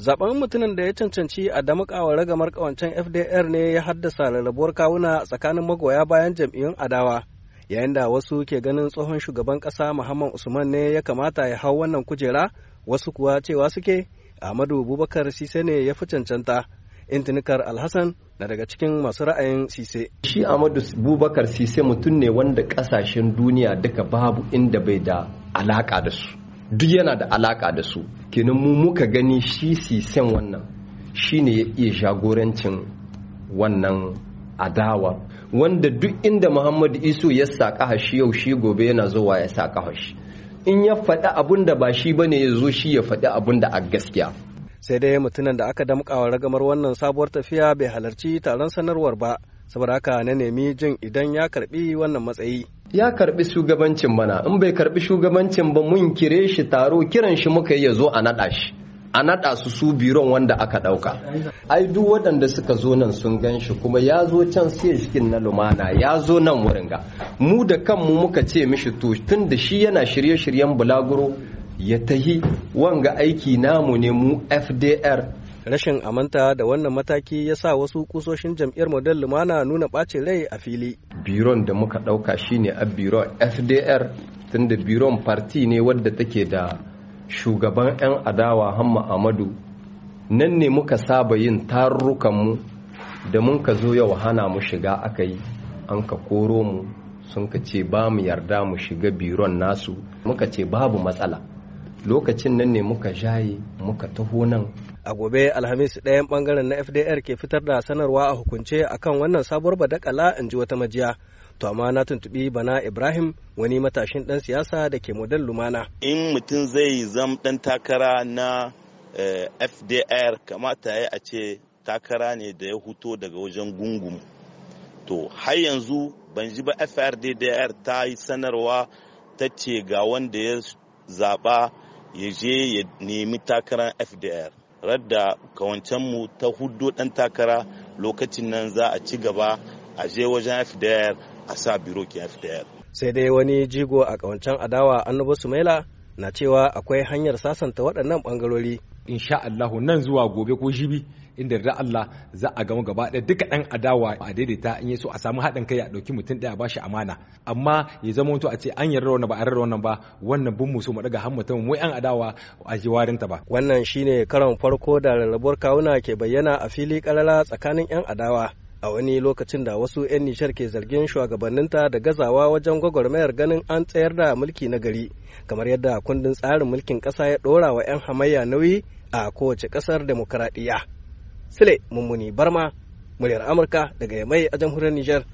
Zaben mutumin da ya cancanci a damukawa ragamar kawancen FDR ne ya haddasa rarrabuwar kawuna tsakanin magoya bayan jam'iyyun adawa. Yayin da wasu ke ganin tsohon shugaban ƙasa Muhammad Usman ne ya kamata ya hau wannan kujera, wasu kuwa cewa suke Ahmadu Bubakar Sise ne ya fi cancanta. Intinikar Alhassan na daga cikin masu ra'ayin Sise. Shi Ahmadu Bubakar Sise mutum ne wanda ƙasashen duniya duka babu inda bai da alaƙa da su. Duk yana da alaƙa da su. kenan mu muka gani shi sisen wannan shine ya iya jagorancin wannan adawa wanda duk inda muhammadu iso ya saƙa shi yau shi gobe yana zuwa ya saƙa shi in ya faɗi abin da ba shi ba ne ya zo shi ya faɗi abin da a gaskiya sai dai mutumin da aka damƙawa ragamar wannan sabuwar tafiya bai halarci taron sanarwar ba saboda haka na nemi jin idan ya karɓi wannan matsayi ya karbi shugabancin mana in bai karbi shugabancin ba mun kire shi taro kiran shi muka yi ya zo a naɗa shi a naɗa su su biron wanda aka ɗauka ai duk waɗanda suka zo nan sun gan shi kuma ya zo can sai shikin na lumana ya zo nan wurin ga mu da kanmu muka ce mishi to tun da shi yana shirye-shiryen bulaguro ya tahi wanga aiki namu ne mu fdr rashin amanta da wannan mataki ya sa wasu kusoshin jam'iyyar model lumana nuna ɓacin rai a fili biron da muka ɗauka shine a biron fdr tunda biron parti ne wadda take da shugaban 'yan adawa hamma amadu nan ne muka saba yin tarurrukanmu da mun ka zo yau hana mu shiga aka yi an ka koro mu sun ka ce ba mu yarda mu shiga biron nasu muka ce babu matsala lokacin nan ne muka jaye muka taho nan a gobe alhamis ɗayan ɓangaren na fdr ke fitar da sanarwa a hukunce akan wannan sabuwar badakala in ji wata majiya to amma na tuntubi bana ibrahim wani matashin ɗan siyasa da ke model lumana in mutum zai zam ɗan takara na eh, fdr kamata ya a ce takara ne da ya huto daga wajen gungun to har yanzu ban ji ba frddr ta yi sanarwa ta ce ga wanda ya zaɓa ya je ya nemi takarar fdr radda kawancenmu ta hudu ɗan takara lokacin nan za a ci gaba a je wajen fdr a sa biro ki fdr sai dai wani jigo a kawancen adawa annabu sumaila na cewa akwai hanyar sasanta waɗannan ɓangarori insha Allah nan zuwa gobe ko jibi inda da Allah za a gama gaba ɗaya duka ɗan adawa a daidaita in so a samu haɗin kai a ɗauki mutum ɗaya ba shi amana amma ya zama wato a ce an yarda wannan ba a yarda wannan ba wannan bin mu mu daga hammata mu yan adawa a jiwarin ta ba wannan shine karon farko da rarrabuwar kawuna ke bayyana a fili kalala tsakanin yan adawa a wani lokacin da wasu 'yan nishar ke zargin shugabanninta da gazawa wajen gwagwarmayar ganin an tsayar da mulki na gari kamar yadda kundin tsarin mulkin ƙasa ya ɗora wa 'yan hamayya nauyi a kowace ƙasar demokuraɗiyya. Sule Mummuni Barma, muryar Amurka daga Yamai a jamhuriyar Nijar.